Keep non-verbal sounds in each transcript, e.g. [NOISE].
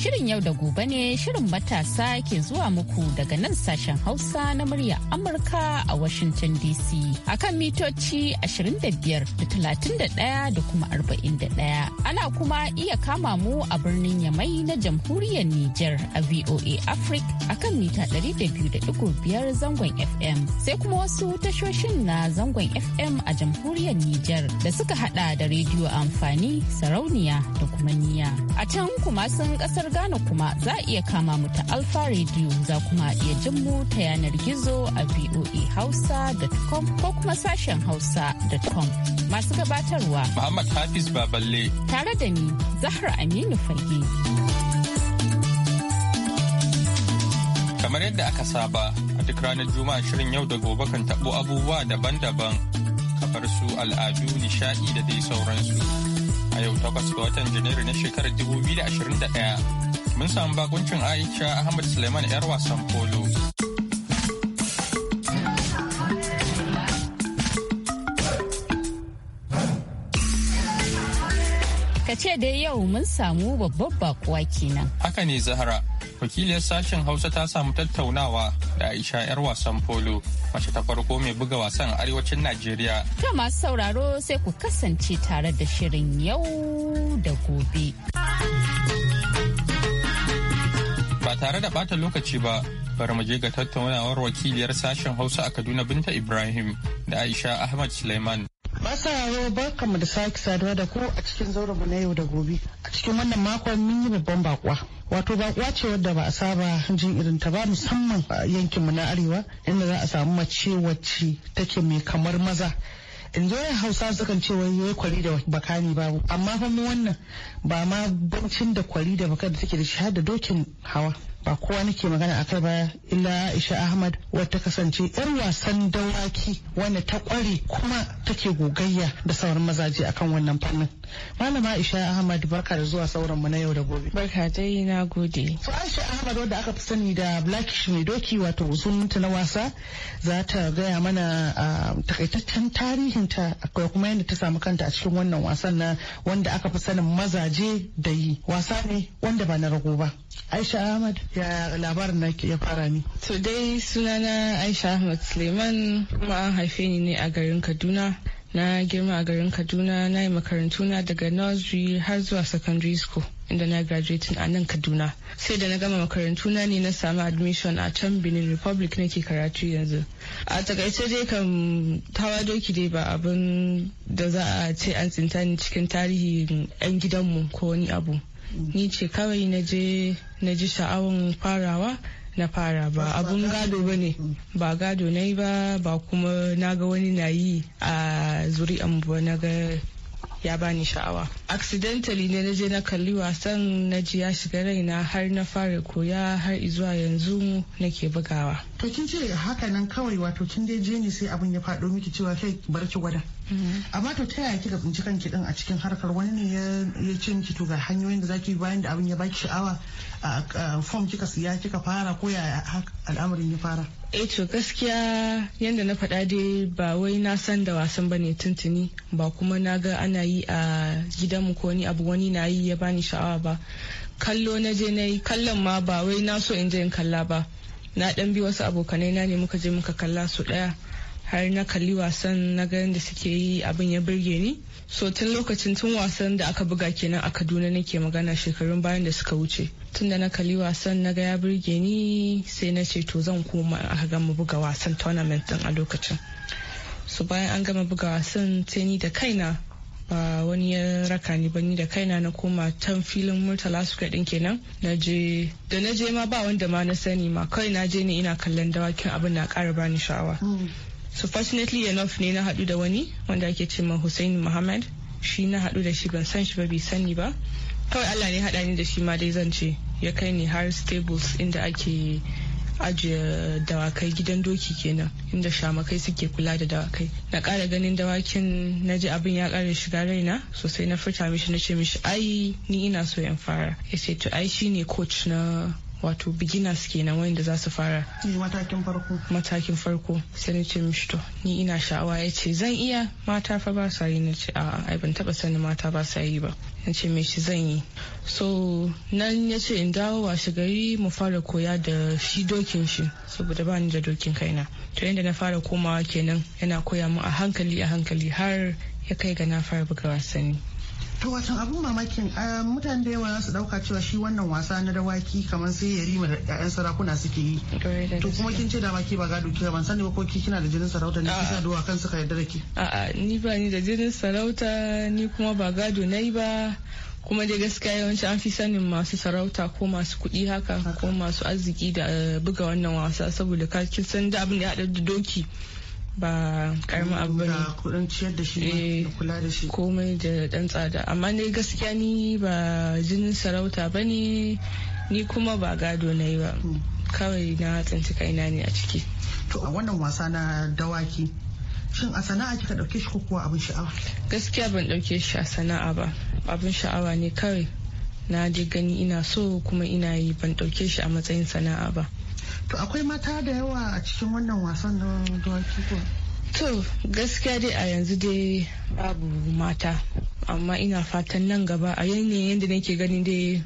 Shirin yau da gobe ne shirin matasa ke zuwa muku daga nan sashen Hausa na murya Amurka a Washington DC a kan mitoci 25 da 31 da kuma 41. Ana kuma iya kama mu a birnin Yamai na jamhuriyar Nijar a VOA Africa a kan mita 200.5 zangon FM. Sai kuma wasu tashoshin na zangon FM a jamhuriyar Nijar da suka hada da rediyo amfani sarauniya da kuma niya. A can kuma sun kasar kasar kuma za a iya kama mu ta Alfa Radio za kuma iya jin mu ta yanar gizo a hausa.com ko kuma sashen hausa.com. Masu gabatarwa Muhammad Hafiz Baballe tare da ni Zahra Aminu Fage. Kamar yadda aka saba a duk ranar Juma'a shirin yau da gobe kan tabo abubuwa daban-daban kamar su al'adu, nishadi da dai sauransu. a yau takwas ga watan Janairu na shekarar 2021 mun samu bakuncin Aisha Ahmad Suleiman 'yar wasan polo. ka ce dai yau mun samu babbar bakuwa kenan. Haka ne Zahara, wakiliyar sashen hausa ta samu tattaunawa da aisha yar wasan polo mace ta farko mai buga wasan arewacin najeriya to masu sauraro sai ku kasance tare da shirin yau da gobe ba tare da bata lokaci ba bari mu je ga tattaunawar wakiliyar sashen hausa a kaduna binta ibrahim da aisha ahmad suleiman masararo mu da sake saduwa da ku a cikin zaurinmu na yau da gobe a cikin wannan makon mun yi babban bakwa wato bakuwa ce wadda ba a saba jin irin ta ba musamman a yankin mu na arewa inda za a samu mace wacce take mai kamar maza in zo yin hausa sukan ce wai yayi kwari da bakani ba. amma fa mu wannan ba ma bancin da kwari da baka da take da shi da dokin hawa ba kowa nake magana a kai ba illa Aisha Ahmad wata kasance yar wasan dawaki wanda ta kware kuma take gogayya da sauran mazaje akan wannan fannin Malama Aisha Ahmad barka da zuwa sauran mu na yau da gobe. Barka dai na gode. So Aisha Ahmad wadda aka fi sani da Blackish mai doki wato sunanta na wasa za ta gaya mana takaitaccen tarihinta akwai kuma yadda ta samu kanta a cikin wannan wasan na wanda aka fi sanin mazaje da yi wasa ne wanda ba na rago ba. Aisha Ahmad ya labarin na ya fara ni. To dai sunana Aisha Ahmad Suleiman kuma an haife ni ne a garin Kaduna. na girma a garin kaduna na yi makarantuna daga nursery har zuwa secondary school inda na graduating a nan kaduna sai da na gama makarantuna ne na samu admission a can benin republic na ke karatu yanzu a takaice dai kan hawa doki dai ba abin da za a ce an tsinta ni cikin tarihin 'yan gidanmu ko wani abu ni ce kawai na je na ji sha'awun farawa na fara ba abun gado ba ne ba gado na yi ba ba kuma na ga wani na yi a zuri'an ba na ya bani sha'awa accidentally ne na je na kalli wasan na ji ya shiga raina har na fara koya har izuwa yanzu nake bugawa to kin ce haka nan kawai wato kin dai je ne sai abin ya faɗo miki cewa kai bar gwada mm-hmm. amma to ta yaya kika tsinci kanki din a cikin harkar wani ne ya ce miki to ga hanyoyin da zaki bayan da abin ya baki sha'awa a form kika siya kika fara ko ya al'amarin ya fara eh to gaskiya yadda na faɗa dai ba wai na san da wasan ba ne tuntuni ba kuma na ga ana yi a gidanmu ko ni abu wani na yi ya bani sha'awa ba kallo na je na yi kallon ma ba wai na so in je in kalla ba na ɗan bi wasu abokanai na ne muka je muka kalla su ɗaya har na kalli wasan na ga yadda suke yi abin ya burge ni so tun lokacin tun wasan da aka buga kenan a kaduna nake magana shekarun bayan da suka wuce tun da na kali wasan na ga ya burge ni sai na ce to zan koma aka gama buga wasan tournament din a lokacin so bayan an gama buga wasan sai ni da kaina ba wani ya raka ni ba ni da kaina na koma tan filin murtala suka din kenan na je da na je ma ba wanda ma na sani ma kawai na je ne ina kallon dawakin abin na kara bani sha'awa mm. so fortunately enough ne na haɗu da wani wanda ake ce ma Hussein Muhammad shi na haɗu da shi ban san shi ba bi sani ba kawai Allah ne haɗa ni da shi ma dai zan ce ya kai ni har stables inda ake ajiye dawakai gidan doki kenan inda shamakai suke kula da dawakai na kara ganin dawakin na ji abin ya ƙara shiga raina sosai na furta mishi na ce mishi ai ni ina so in fara ya ce to ai ne coach na wato beginners kenan wanda za su fara matakin farko matakin farko sai na ce mishi to ni ina sha'awa ya ce zan iya mata fa ba sa yi na ce a'a ai ban taba sanin mata ba sa yi ba na ce me shi zan yi so nan ya ce in dawo washe gari mu fara koya da shi dokin shi saboda ba ni da dokin kaina to yadda na fara komawa kenan yana koya mu a hankali a hankali har ya kai ga na fara buga wasanni To wato abun mamakin mutane da yawa su dauka cewa shi wannan wasa na dawaki kamar sai ya rima da ƴaƴan sarakuna suke yi. To kuma kin ce da ma ke ba gado ban sani ba ko kina da jinin sarauta ne kisa kan suka yarda da ke. A'a ni ba ni da jinin sarauta ni kuma ba gado nayi ba. kuma dai gaskiya yawanci an fi sanin masu sarauta ko masu kuɗi haka ko masu arziki da eh, buga wannan wasa saboda kakin san da abin da ya da doki ba karamin abu ne. kudin ciyar da shi ne. Eh, kula da shi komai da dan tsada amma ne gaskiya ni ba jinin sarauta ba ne ni kuma ba gado na yi ba hmm. kawai na tsinci kaina ne a ciki to a wannan wasa na dawaki shin a sana'a kika dauke shi ko kuwa abin sha'awa gaskiya ban dauke shi a sana'a ba abin sha'awa ne kawai na je gani ina so kuma ina yi ban dauke shi a matsayin sana'a ba to akwai mata da yawa a cikin wannan wasan na dawaki ko to gaskiya dai a yanzu dai babu mata amma ina fatan nan gaba a yanayin yadda nake gani dai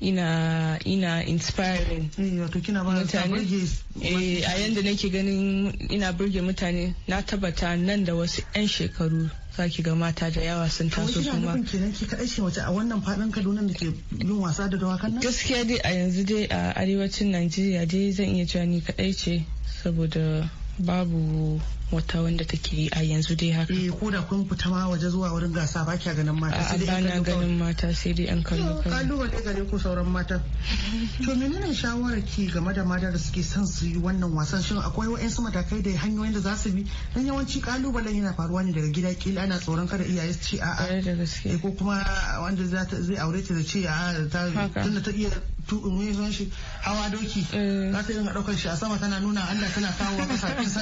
ina ina inspiring eh, mutane eh, a yadda nake ganin ina burge mutane na tabbata nan da wasu 'yan shekaru za ki ga mata da yawa sun taso kuma kenan ki kaɗai ce wace a wannan faɗin kaduna da ke yin wasa da dawakan nan gaskiya dai a yanzu dai a arewacin najeriya dai zan iya cewa ni kaɗai ce saboda babu wata wanda take yi a yanzu dai haka. Eh ko da kun fita ma waje zuwa wurin gasa ba kya ganin mata sai dai an ganin mata sai dai an kallo kai. Kalubale gare ku sauran mata. [LAUGHS] To menene shawarar ki game da mata da suke son su yi wannan wasan shin akwai wa'ansu matakai da hanyoyin da za su bi dan yawanci kalubalen yana faruwa ne daga gida kila ana tsoron kada iyaye su ce a'a. da gaske. Eh, ko kuma wanda zai aure ta da ce a'a ta tunda ta iya tuɓin shi hawa doki eh. za ta yi ɗaukar shi a sama tana nuna Allah tana kawo kasa [LAUGHS] kisa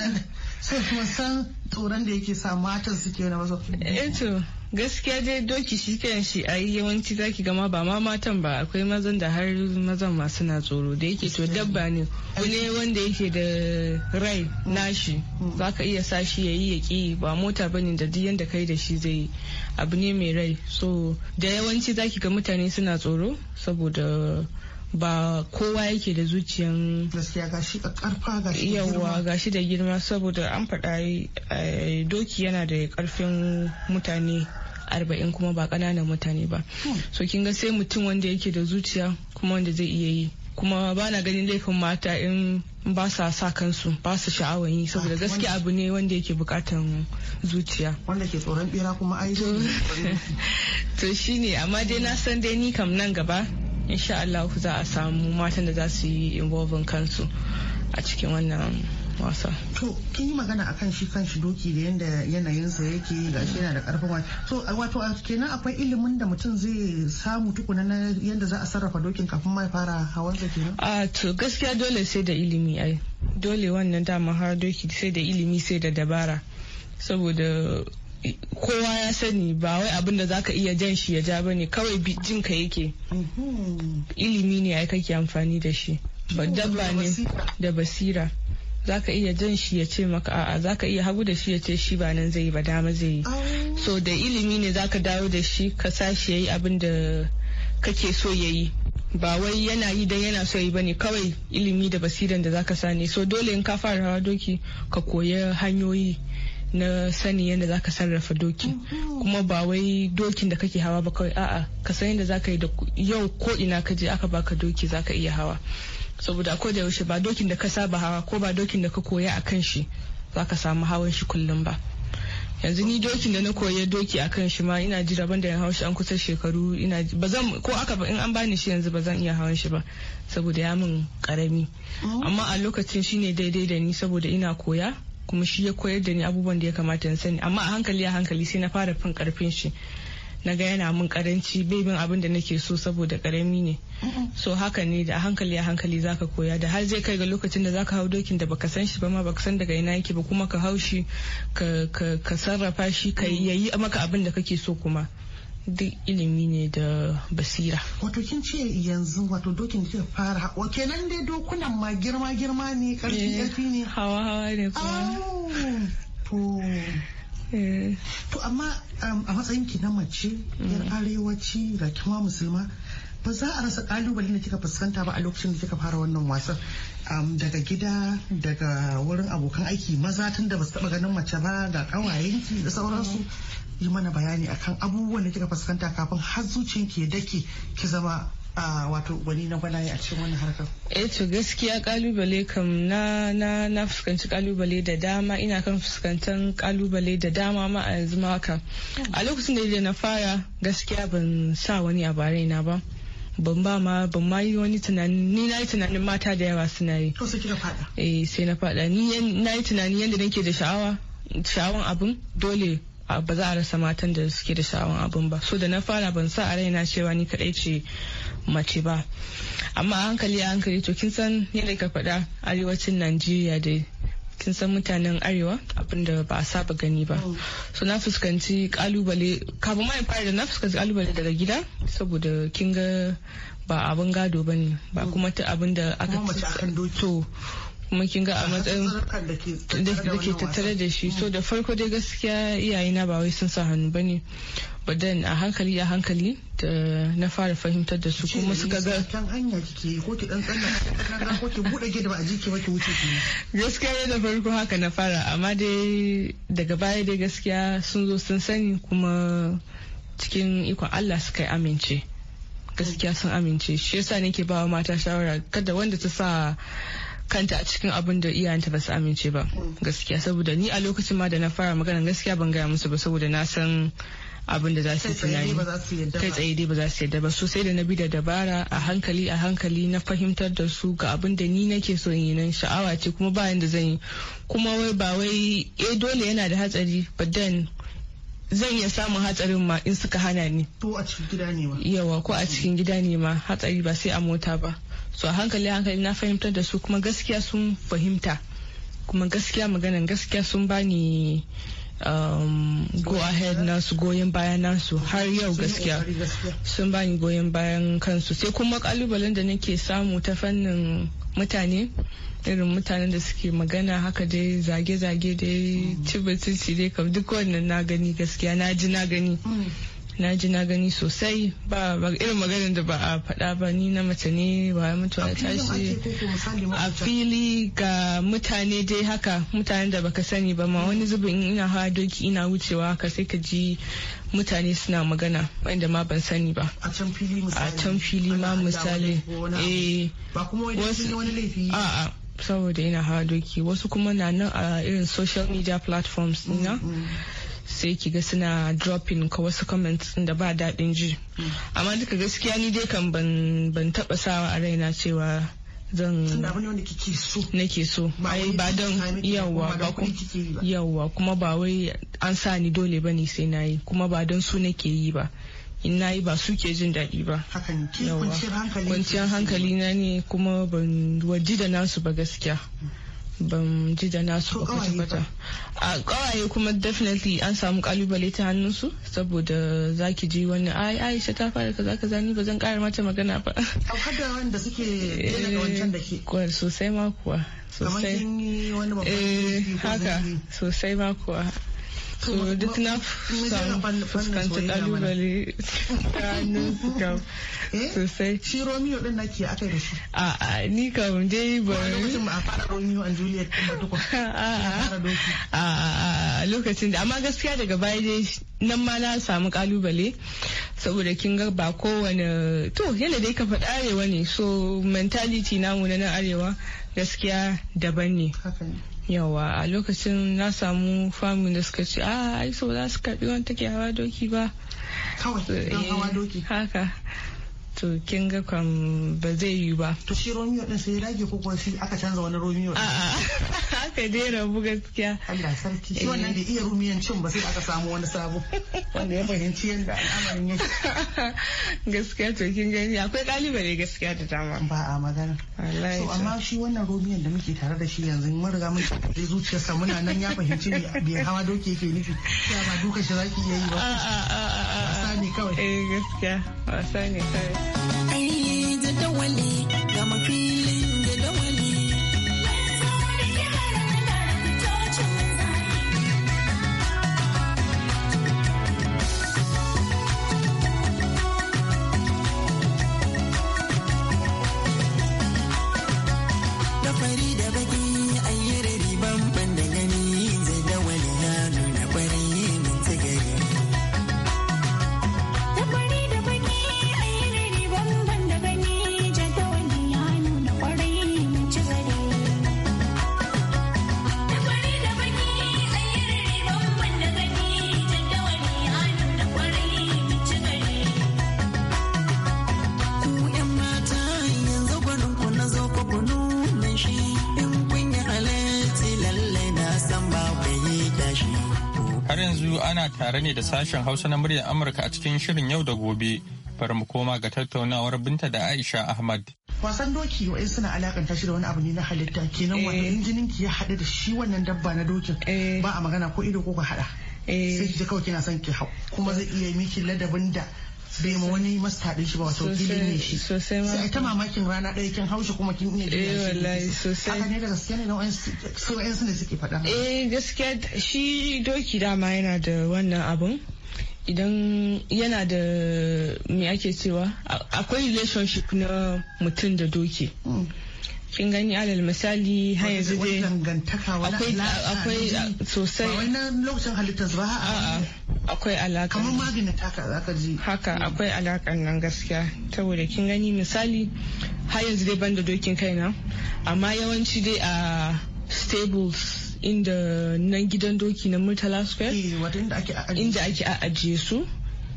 sai kuma san tsoron da yake sa matan suke wani masa eto eh gaskiya dai doki shi shi a yi yawanci zaki gama ba ma matan ba akwai mazan da har mazan masu na tsoro da yake to dabba ne ne wanda yake da rai nashi zaka iya sa shi ya yi ya ki ba mota bane da duk yanda kai da shi zai abu ne mai rai so da yawanci zaki ga mutane suna tsoro saboda ba kowa yake da zuciyan gaskiya gashi karfa yawa da girma saboda an faɗa eh, doki yana da karfin mutane arba'in kuma ba kananan mutane ba hmm. so kin ga sai mutum wanda yake da zuciya kuma wanda zai iya yi kuma ba na ganin laifin mata in ba sa sa kansu ba su sha'awar yi saboda gaskiya abu ne wanda yake bukatan zuciya wanda ke tsoron bera kuma ai [LAUGHS] to shine amma dai na san dai ni kam nan gaba insha Allah za a samu matan da za su yi involving kansu a cikin wannan wasa. To kin yi magana akan shi kan shi doki da yanda yanayinsa yake ga shi yana da karfin wani. To wato kenan akwai ilimin da mutum zai samu tukuna na yadda za a sarrafa dokin kafin mai fara hawan sa kenan. A to gaskiya dole sai da ilimi ai. Dole wannan dama har doki sai da ilimi sai da dabara. Saboda kowa ya sani ba wai abin da zaka iya jan shi ya ja ba ne kawai jin ka yake mhm. ilimi ne ai kake amfani da shi ba dabba ne da basira zaka iya jan shi ya ce maka a'a zaka iya hagu da shi ya ce shi ba nan zai ba dama zai yi oh. so da ilimi ne zaka dawo da shi ka shi yayi abin da kake so yayi ba wai yana yi dan yana so yi bane kawai ilimi da basiran da zaka sani so dole in ka fara hawa doki ka koya hanyoyi na sani yadda za ka sarrafa doki mhm. kuma ba wai dokin da kake hawa ba kawai a'a ka san yadda ka yi da yau ko ina ka je aka baka doki ka iya hawa saboda ko da yaushe ba dokin da ka saba hawa ko ba dokin da ka koya a kan shi ka samu hawan shi kullum ba yanzu ni dokin da na koya doki a kan shi ma ina ji daban da hawan shi an kusa shekaru ina ba zan ko aka in an bani shi yanzu ba zan iya hawan shi ba saboda ya min karami oh. amma a lokacin shine daidai da ni saboda ina koya kuma shi ya koyar da ni abubuwan da ya kamata in sani amma a hankali a hankali sai na fara fin karfin shi na ga yana min karanci bai bin abin da nake so saboda karami ne so haka ne da a hankali a hankali zaka koya da har zai kai ga lokacin da zaka hau dokin da baka san shi ba ma baka san daga ina yake ba kuma ka hau shi ka sarrafa shi ka mm. yayi maka abin da kake so kuma duk ilimi ne da basira. Wato kin ce yanzu wato dokin da fara haƙo. kenan dai dokunan ma girma girma ne karfi karfi eh, ne. Hawa hawa ne To. Eh. To amma um, a matsayin ki na mace yar mm. arewaci da kima musulma ba za a rasa kalubale da kika fuskanta ba a lokacin da kika fara wannan wasan daga gida daga wurin abokan aiki maza tun da ba su taba ganin mace ba ga kawayenki da sauransu yi mana bayani akan abubuwan da kika fuskanta kafin har zuciyanki ya dake ki zama a wato wani na gwanaye a cikin wannan harkar? Eh to gaskiya kalubale kam na na na fuskanci kalubale da dama ina kan fuskantar kalubale da dama ma a yanzu ma haka. A lokacin da na fara gaskiya ban sa wani a na ba. ban ba ma ban ma yi wani tunani ni na yi tunanin mata da yawa suna yi to sai kika fada eh sai na fada ni na yi tunani yadda nake da sha'awa sha'awan abin dole ba za a rasa matan da suke da sha'awan abun ba so da na fara ban sa a rai na cewa ni kadai ce mace ba amma a hankali a hankali to kin san yadda ka faɗa arewacin najeriya dai kin san mutanen arewa abinda ba a saba gani ba mm. so na fuskanci kalubale kafin ma fara da na fuskanci kalubale daga gida saboda kin ga ba abin gado ba ne mm. ba kuma ta abin da aka to kuma kin ga a matsayin da ke tattare da shi so da farko dai gaskiya na ba wai sun sa hannu ba ne but then a hankali a hankali na fara fahimtar da su kuma suka ga kan hanya kike ko ki dan tsanna ko ki bude gida ba a jike ba ki wuce ki gaskiya da farko haka na fara amma dai daga baya dai gaskiya sun zo sun sani kuma cikin ikon Allah suka yi amince gaskiya sun amince shi yasa nake ba mata shawara kada wanda ta sa kanta a cikin abin da iyayenta ba su amince ba gaskiya saboda ni a lokacin ma da na fara magana gaskiya ban gaya musu ba saboda na san abin da za su tunani kai tsaye dai ba za su yadda ba sosai da na bi da dabara a hankali a hankali na fahimtar da su ga abin da ni nake so yi nan sha'awa ce kuma ba yanda zan yi kuma wai ba wai eh dole yana da hatsari but then zan iya samun hatsarin ma in suka hana ni. Ko a cikin gida ne ma. Yawa ko a cikin gida ne ma hatsari ba sai a mota ba. So a hankali hankali na fahimtar da su kuma gaskiya sun fahimta. Kuma gaskiya maganan gaskiya sun bani um, go ahead nasu goyon bayan nasu har yau gaskiya sun bani goyon bayan kansu sai kuma kalubalen da nake samu ta fannin mutane irin mutanen da suke magana haka dai zage-zage dai cibitinci dai kam duk wannan na gani gaskiya na ji na gani na ji na gani sosai ba irin maganin da ba a faɗa ba ni na mace ne ba mutuwa tashi a fili ga mutane dai haka mutanen da baka sani ba ma wani zubin ina hawa doki ina wucewa haka sai ka ji mutane suna magana wanda ma ban sani ba a can fili ma misali eh ba kuma wani laifi a a saboda ina hawa doki wasu kuma na nan a irin social media platforms na mm, mm. sai ki ga suna dropping ka wasu comments da ba daɗin ji mm. amma duka gaskiya ni dai kan ban taɓa sawa a raina cewa zan nake so ba don yawwa ba kuma ba wai an sa ni dole ne sai na yi kuma ba don su nake yi ba in yi ba su ke jin daɗi ba hakan kwanciyar hankali na ne kuma ban waji da nasu ba gaskiya ban ji da nasu ba kwata a kawaye kuma definitely an samu kalubale ta hannunsu saboda za ki ji wani ai aisha ta fara kaza kaza ni ba zan kara mata magana ba a hada wanda suke daga eh, wancan da ke sosai ma kuwa sosai eh, haka sosai ma kuwa so duk na fuskanci kalubale tsakanin su [LAUGHS] kam eh? sosai shi romeo din nake aka da shi a a ni kam dai ba lokacin ba a fara romeo and juliet din ba tukwa a a lokacin da amma gaskiya daga baya dai nan ma na samu kalubale saboda kin ga ba kowane to yadda dai ka faɗa arewa ne so mentality namu na nan arewa gaskiya daban ne yawa a lokacin na samu famin da suka ce a ah, ai so za su karbi wani take hawa doki ba kawai don eh, hawa doki haka to kin ga kam ba zai yi ba to shi romeo din sai rage ko kuma shi aka canza wani romeo a a [LAUGHS] aka dai rabu gaskiya Allah sarki shi wannan da iya cin ba sai aka samu wani sabo wanda ya fahimci yadda al'amarin yake [LAUGHS] gaskiya to kin gani akwai ne gaskiya da dama ba a magana so amma shi wannan romiyan da muke tare da shi yanzu mun riga mun zai zuciyarsa muna nan ya fahimci ne bai hawa doki yake nufi ya ba duka shi zaki iya yi ba A'a a'a wasa ne kawai eh gaskiya wasa ne kawai ai jadawali ga mafi yanzu ana tare ne da sashen Hausa na muryar Amurka a cikin shirin yau da gobe. Bari mu koma ga tattaunawar binta da Aisha Ahmad. Wasan doki wa'in suna alakanta shi da wani abu ne na halitta kenan eh. wanda jinin ki ya haɗu da shi wannan dabba na dokin eh. ba a magana ko ido ko ka haɗa. Eh. Sai ki kawai kina son ki hau kuma zai iya miki ladabin da bai ma wani masta shi ba wato fili ne shi sai ta mamakin rana ɗaya kin haushi kuma kin iya jiya eh, shi wallahi sosai haka ne da gaskiya ne na su yan sun da suke faɗa eh gaskiya shi doki dama yana da wannan abun idan yana da me ake cewa akwai relationship na mutum da doki mm. kin gani alal misali haya yanzu dai akwai akwai sosai wannan lokacin halittar ba a akwai alaka kamar magani taka zaka ji haka akwai alakan nan gaskiya saboda kin gani misali haya yanzu dai banda dokin kaina amma yawanci dai a stables inda nan gidan doki na murtala square eh, inda ake a ajiye su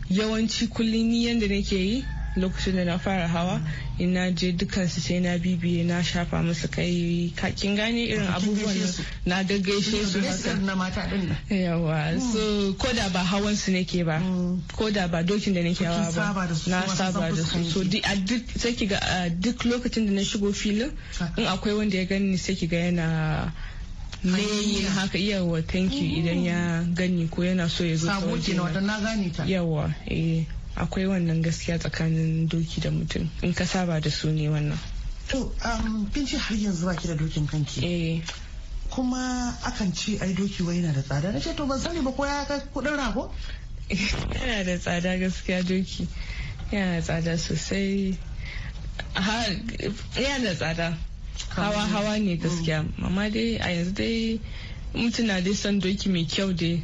yawanci kullum ni yanda nake yi lokacin da na fara hawa ina je dukansu sai na bibiye na shafa musu kai kakin gane irin abubuwan na gaggaishe su yawa hmm. so ko da ba hawan su nake ba hmm. ko da ba dokin da nake hawa ba na saba da su so duk sai ga duk lokacin da na shigo filin in akwai wanda ya gani sai ga yana ne haka yawa thank you hmm. idan ya gani ko yana so ya zo sabo kenan na gani ta yawa eh akwai wannan gaskiya tsakanin doki da mutum in ka saba da su ne wannan to um, kin ce har yanzu ba ki da dokin kanki eh kuma akan ce ai doki wai yana da tsada na ce to ban sani ba ko ya kai kudin rago [LAUGHS] yana da tsada gaskiya doki yana da tsada sosai yana da tsada hawa hawa ne gaskiya mm. amma dai a yanzu dai mutuna dai son doki mai kyau dai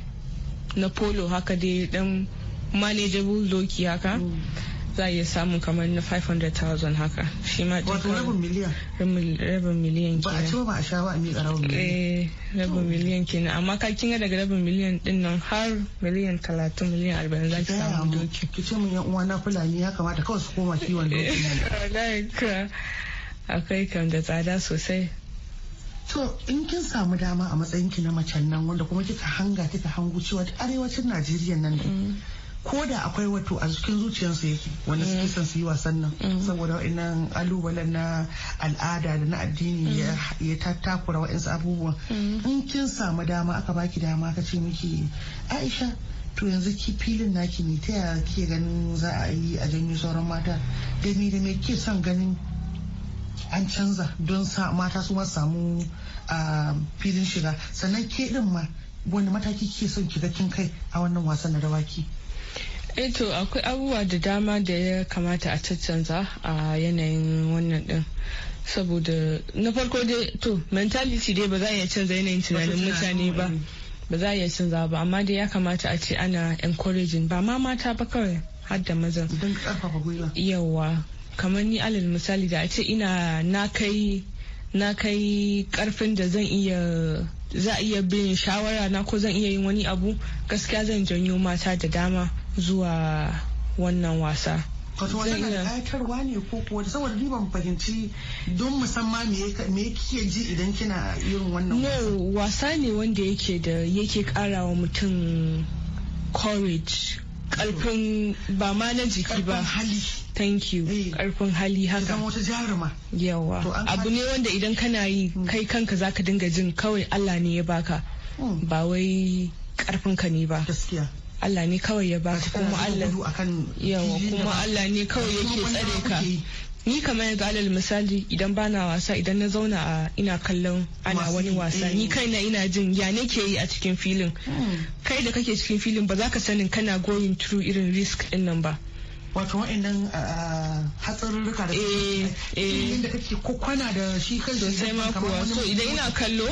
na polo haka dai dan manageable doki haka mm. za a iya samun kamar na 500,000 haka shi ma wato rabin miliyan rabin miliyan ba a ci ba a sha ba a miƙa rabin miliyan eh, rabin miliyan kenan amma ka kinga daga rabin miliyan din nan har miliyan 30 miliyan 40 za ki samu doki ki ce mun yan uwa na fulani ya kamata kawai su koma kiwon doki [LAUGHS] wallahi ka akwai kan da tsada sosai To in kin samu dama a matsayin ki na macen nan wanda kuma kika hanga kika hangu cewa arewacin Najeriya nan ne mm. ko da akwai wato a cikin zuciyarsu yake wanda suke son su yi wasan nan mm. saboda wa'annan alubalen na al'ada da na addini mm. ya tattakura wa'insu abubuwan mm. in kin samu dama aka baki dama ka ce miki aisha to yanzu ki filin naki ne ta yaya ke ganin za a yi a janyo sauran mata da me da me ke son ganin an canza don mata su ma samu filin shiga sannan ke din ma wani mataki ke son ki ga kin kai a wannan wasan na dawaki eto eh, akwai abubuwa da dama da ya kamata a caccanza a yanayin wannan din saboda na farko dai to mentality dai ba za a iya canza yanayin tunanin mutane ba ba za a iya canza ba amma dai ya kamata a ce ana encouraging ba ma mata ba kawai har da mazan yawa kamar ni alal misali da a ce ina na kai na kai karfin da zan iya za iya bin shawara na ko zan iya yin wani abu gaskiya zan janyo mata da dama zuwa wannan wasa wato wannan kayatarwa ne ko kuwa saboda ni ban fahimci don musamman me kike ji idan kina irin wannan no wasa ne wanda yake da yake kara wa mutum courage karfin ba ma na jiki ba hali thank you karfin eh. hali haka wata jaruma yawa abu ne wanda idan kana yi hmm. kai kanka zaka dinga jin kawai Allah ne ya baka hmm. ba wai karfin ka ne ba gaskiya Allah ne kawai ya baka kuma Allah yawa kuma Allah ne kawai yake tsare ka ni kamar yanzu alal misali idan bana wasa idan na zauna a ina kallon ana wani wasa ni eh. kaina ina jin ya nake yi a cikin filin hmm. kai da kake cikin filin ba za ka sanin kana going through irin risk din nan ba wato wa'annan hatsarurruka da kake eh, eh. da kake ko kwana da shi kan sosai ma kuwa so idan ina kallo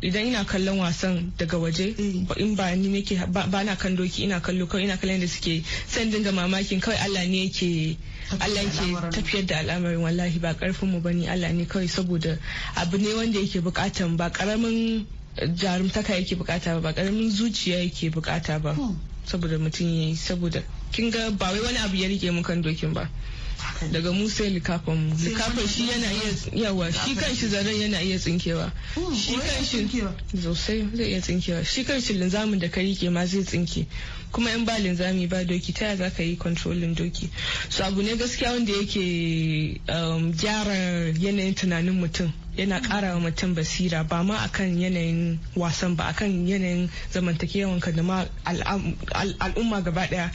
idan ina kallon wasan daga waje mm. in ba ni nake ba na kan doki ina kallo kawai ina kallon da suke san dinga mamakin kawai Allah ne yake Allah ke tafiyar da al'amarin wallahi ba karfin mu bane Allah ne kawai saboda abu ne wanda yake bukatan ba karamin jarumtaka yake bukata ba ba karamin zuciya yake bukata ba hmm. saboda mutum yayi saboda kin ga ba wai wani abu ya rike mu kan dokin ba daga mu sai likafan mu likafan shi yana iya yawa shi kan shi zaren yana iya tsinkewa oh, shi kan shi zai iya tsinkewa shi kan linzamin da ka rike ma zai tsinke kuma in ba linzami ba doki ta za ka yi kontrolin doki so abu ne gaskiya wanda yake um, gyara yanayin tunanin mutum yana kara hmm. wa mutum basira ba ma akan yanayin wasan ba akan yanayin zamantakewanka da ma al'umma gaba daya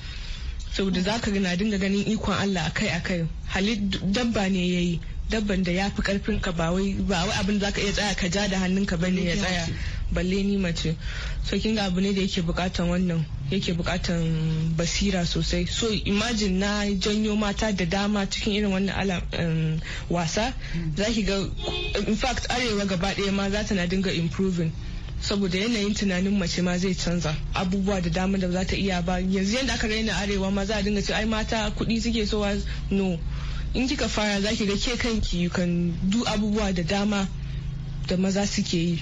saboda za ka na dinga ganin ikon Allah akai akai halit dabba ne ya yi dabban da ya fi karfin ka ba wai ba wai abin za ka iya tsaya ka ja da hannun ka bane ya tsaya balle ni mace so kin ga abu ne da yake bukatan wannan yake bukatan basira sosai so imagine na janyo mata da dama cikin irin wannan ala um, wasa za ga in fact arewa gaba ɗaya ma za ta na dinga improving saboda yanayin tunanin mace ma zai canza abubuwa da dama da za ta iya ba yanzu yadda aka raina arewa ma za a dinga ce ai mata kuɗi suke so no in kika fara za ki ga ke kanki can du abubuwa da dama da maza suke yi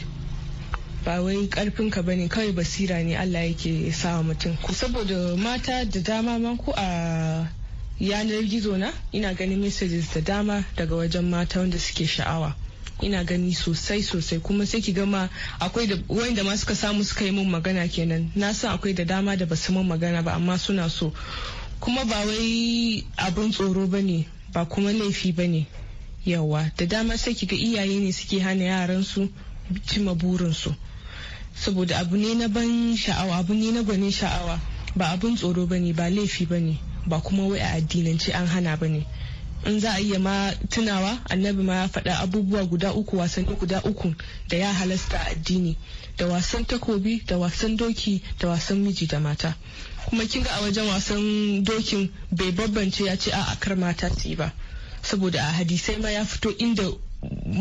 ba wai karfin ka bane kawai basira ne Allah yake wa mutum saboda mata da dama man ku a yanar gizo na ina ganin messages da dama daga wajen mata wanda suke sha'awa ina gani sosai sosai kuma sai ki gama akwai da wanda ma suka samu suka yi min magana kenan na san akwai da dama da basu min magana ba amma suna so kuma ba wai abin tsoro ba ne ba kuma laifi ba ne yawa da dama sai ki ga iyaye ne suke hana yaran su cima burinsu saboda abu ne na ban sha'awa abu ne na gwanin sha'awa ba abin tsoro ba ne ba laifi ba ne ba kuma wai a addinance an hana ba ne in za a iya ma tunawa annabi ma ya faɗa abubuwa guda uku wasanni guda uku da ya halasta addini da wasan takobi da wasan doki da wasan miji da mata kuma kin ga a wajen wasan dokin bai bambance ya ce a akar mata su yi ba saboda a hadisai ma ya fito inda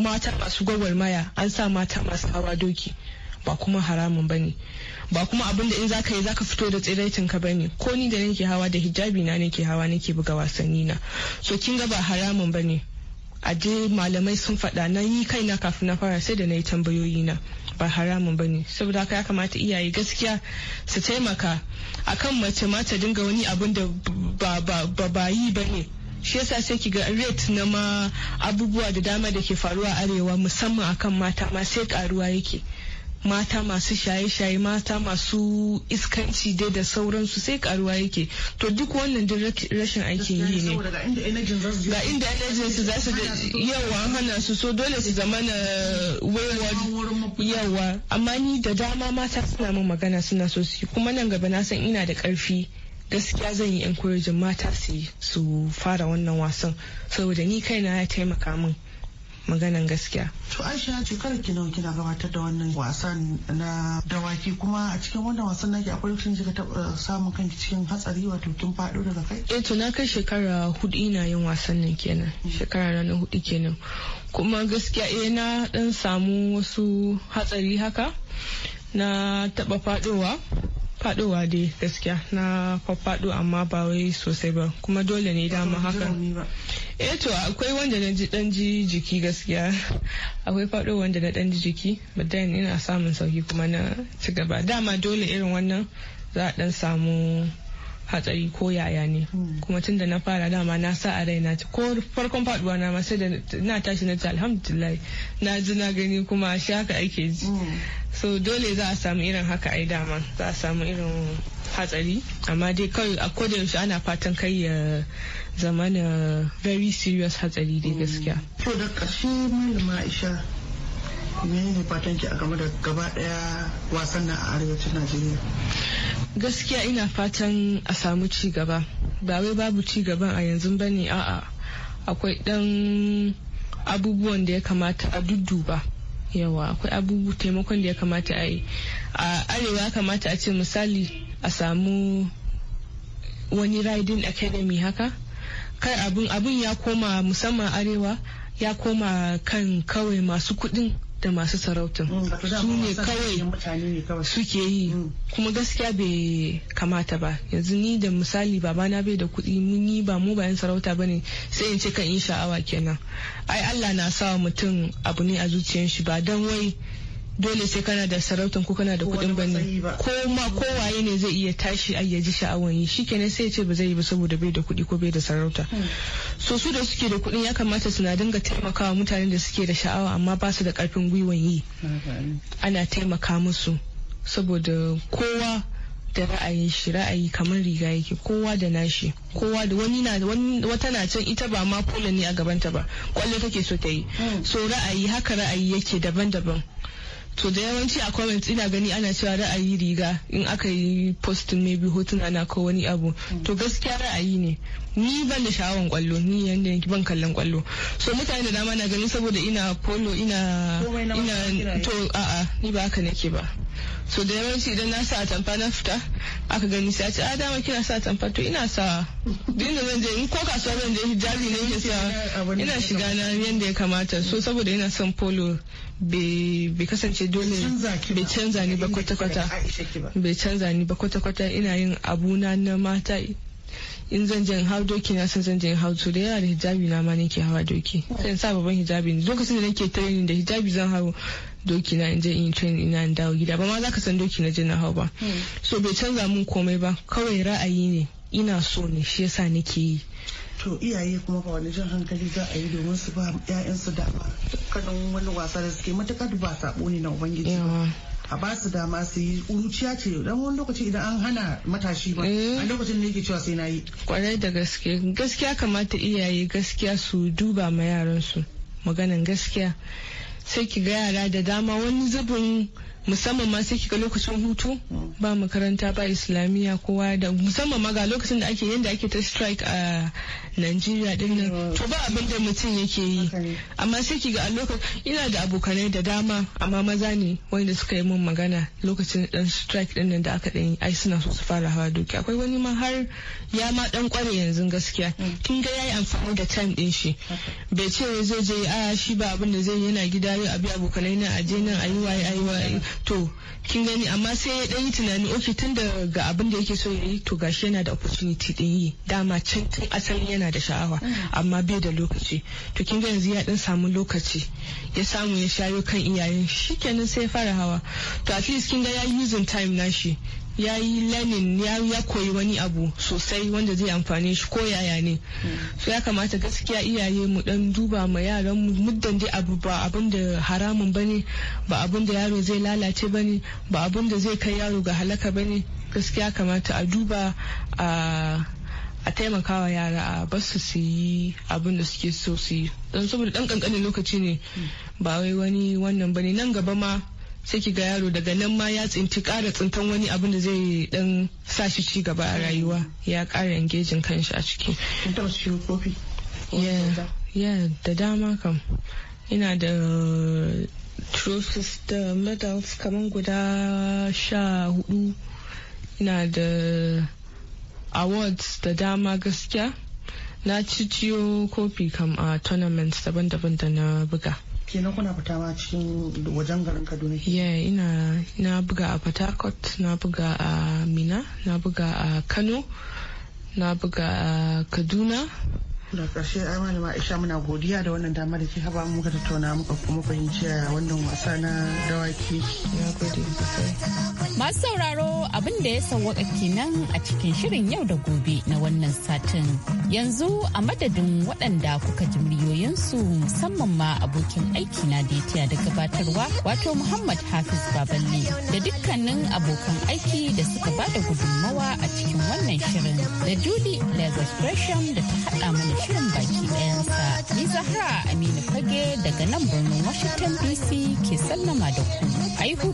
mata masu gwagwarmaya an sa mata masu hawa doki ba kuma haramun bane ba kuma abin da in ka yi zaka fito da tsiraitin ka bane ko ni da nake hawa da hijabi na nake hawa nake buga wasanni na so kin ga ba haramun bane a je malamai sun faɗa na yi kaina kafin na fara sai da na yi tambayoyi na ba haramun bane saboda haka ya kamata iyaye gaskiya su taimaka akan mace ma dinga wani abin da ba ba ba yi bane shi yasa sai ki ga rate na ma abubuwa da dama da ke faruwa arewa musamman akan mata ma sai karuwa yake mata masu shaye-shaye mata masu iskanci dai da sauransu sai karuwa yake to duk wannan din rashin aikin yi ne ga inda energy su za su yawa hana su so dole su zama na wayward yawa amma ni da dama mata suna min magana suna so su kuma nan gaba na san ina da karfi gaskiya zan yi encouraging mata su fara wannan wasan saboda ni kaina ya taimaka min maganan gaskiya. To Aisha shekara ki nawa kina gabatar da wannan wasan na dawaki kuma a cikin wannan wasan naki akwai lokacin da ka taɓa samun kanki cikin hatsari wato kin faɗo daga kai? Eh to na kai shekara hudu ina yin wasan nan kenan mm. shekara na hudu kenan kuma gaskiya eh na dan samu wasu hatsari haka na taɓa faɗowa faɗowa dai gaskiya na faɗo amma ba wai sosai ba kuma dole ne dama haka eh to akwai wanda na ji dan ji jiki gaskiya akwai faɗo wanda na dan ji jiki then ina samun sauki kuma na ci gaba dama dole irin wannan za a dan samu hatsari ko yaya ne hmm. kuma tun da na fara dama na sa a raina ko farkon faduwa na ma sai da na tashi na ta alhamdulillah na ji na gani kuma shi haka ake ji hmm. so dole za a samu irin haka ai dama za a samu irin hatsari amma dai kawai a koda yaushe ana fatan kai ya zama na very serious hatsari dai hmm. gaskiya to da ƙarshe malama isha ne fatan ki a game da gaba daya wasan nan a arewacin najeriya gaskiya ina fatan a samu ci gaba ba wai babu ci gaban a yanzu bane a'a akwai dan abubuwan da ya kamata a dudduba yawa akwai abubu taimakon da ya kamata a yi a arewa ya kamata a ce misali a samu wani riding academy haka kai abun abun ya koma musamman arewa ya koma kan kawai masu kudin da masu sarautun mm, su ne kawai suke yi mm. kuma gaskiya bai kamata ba yanzu ni da misali babana bai da kuɗi ni ba mu bayan sarauta bane sai in ce kan in sha'awa kenan ai Allah na sawa mutum abu ne a zuciyar shi ba dan wai dole sai kana da sarautan ko kana da kuɗin bane ko ma kowaye ne zai iya tashi ai ya ji sha'awan yi shikenan sai ya ce ba zai yi ba saboda bai da kuɗi ko bai da sarauta hmm. so su da suke da kuɗin ya kamata su na dinga taimakawa mutanen da suke da sha'awa amma ba su da ƙarfin gwiwan yi ana taimaka musu saboda kowa da ra'ayin shi ra'ayi kamar riga yake kowa da nashi kowa da wani na wata na can ita ba ma kula ne a gabanta ba kwallo take so ta yi hmm. so ra'ayi haka ra'ayi yake daban-daban to da yawanci a comments ina gani ana cewa ra'ayi riga in aka yi postin maybe hotuna na ko wani abu to gaskiya ra'ayi ne ni ban da sha'awan kwallo ni yanda yanki ban kallon kwallo so mutane da dama na gani saboda ina polo ina ina to a'a ni ba haka nake ba so da yawanci idan na sa tamfa na fita aka gani sai a ce a ah, dama kina sa tamfa to ina sa duk da zan je in ko kasuwa zan je hijabi ne ke sa ina shiga na yanda ya kamata so saboda ina son polo bai kasance dole bai canza ni ba kwata-kwata bai canza ni ba kwata-kwata ina yin abuna na mata in zan jan hau doki na san zan jan hau to da yawa da hijabi na ma nake hawa doki sai sa babban hijabi lokacin da nake training da hijabi zan hau doki na in in training ina in dawo gida ba ma zaka san doki na je na hau ba hmm. so bai canza mun komai ba kawai ra'ayi ne ina so ne shi yasa nake yi to iyaye kuma ba wani jan hankali za a yi domin su ba 'ya'yansu dama dan wani wasa da suke matukar ba sabo ne na ubangiji a ba su dama su yi uruciya ce dan wani lokaci idan an hana matashi ba eh. a lokacin da yake cewa sai na yi kwarai da gaske gaskiya kamata iyaye gaskiya su duba ma yaran su maganin gaskiya sai ki ga yara da dama wani zubin musamman ma sai kika lokacin hutu ba makaranta ba islamiyya kowa da musamman ma ga lokacin da ake yanda ake ta strike a Najeriya din nan mm. to ba abin da mutum yake yi amma sai ki ga a lokacin ina da abokanai da dama amma maza ne wanda suka yi min magana lokacin dan strike din nan da aka dan yi ai suna so su fara hawa doki akwai wani ma har ya ma dan kware yanzu gaskiya mm. kin ga yayi amfani da time din shi bai ce zai je a ah, shi ba abin da zai yana gida yau abi abokanai na aje nan ayi waye ayi to kin gani amma sai ya dan yi tunani ofi tun da ga abin da yake so ya yi to gashi yana da opportunity din yi dama can tun asalin yana da sha'awa mm. amma bai da lokaci to kin ga yanzu ya dan samu lokaci ya samu ya shayo kan iyayen shikenan sai ya fara hawa to at least kin ga ya using time nashi ya yi learning ya koyi wani abu sosai wanda zai amfane shi ko yaya ne so ya kamata gaskiya iyaye mu dan duba ma yaran mu muddan dai abu ba abin da haramun bane ba abin da yaro zai lalace bane ba abin da zai kai yaro ga halaka bane gaskiya kamata a duba a a taimakawa yara a basu su yi abin da suke so su yi don saboda dan kankanin lokaci ne ba wai wani wannan bane nan gaba ma sai ki ga yaro daga nan ma ya tsinci kara tsintan wani abin da zai dan sa shi ci gaba a rayuwa ya ƙara engaging kanshi a ciki ya da dama kam ina da trophies da medals kamar guda sha hudu ina da awards da dama gaskiya na ciciyo kofi kam a tournaments daban-daban da na buga kenan kuna fitawa cikin wajen garin kaduna yeah ina na buga a port harcourt na buga a mina na buga a kano na buga a kaduna da ƙarshe ai malama aisha muna godiya da wannan dama da ke haba mu ka tattauna muka kuma fahimci wannan wasa na dawaki ya gode masu sauraro abin da ya sawwaka kenan a cikin shirin yau da gobe na wannan satin yanzu a madadin waɗanda kuka ji muryoyinsu musamman ma abokin aiki na da da gabatarwa wato muhammad hafiz baballe da dukkanin abokan aiki da suka ba da gudunmawa a cikin wannan shirin da julie lagos gresham da ta haɗa mana shirin baki ɗayansa. Ni Zahra Aminu Fage daga nan birnin Washington DC ke sallama da ku. aihu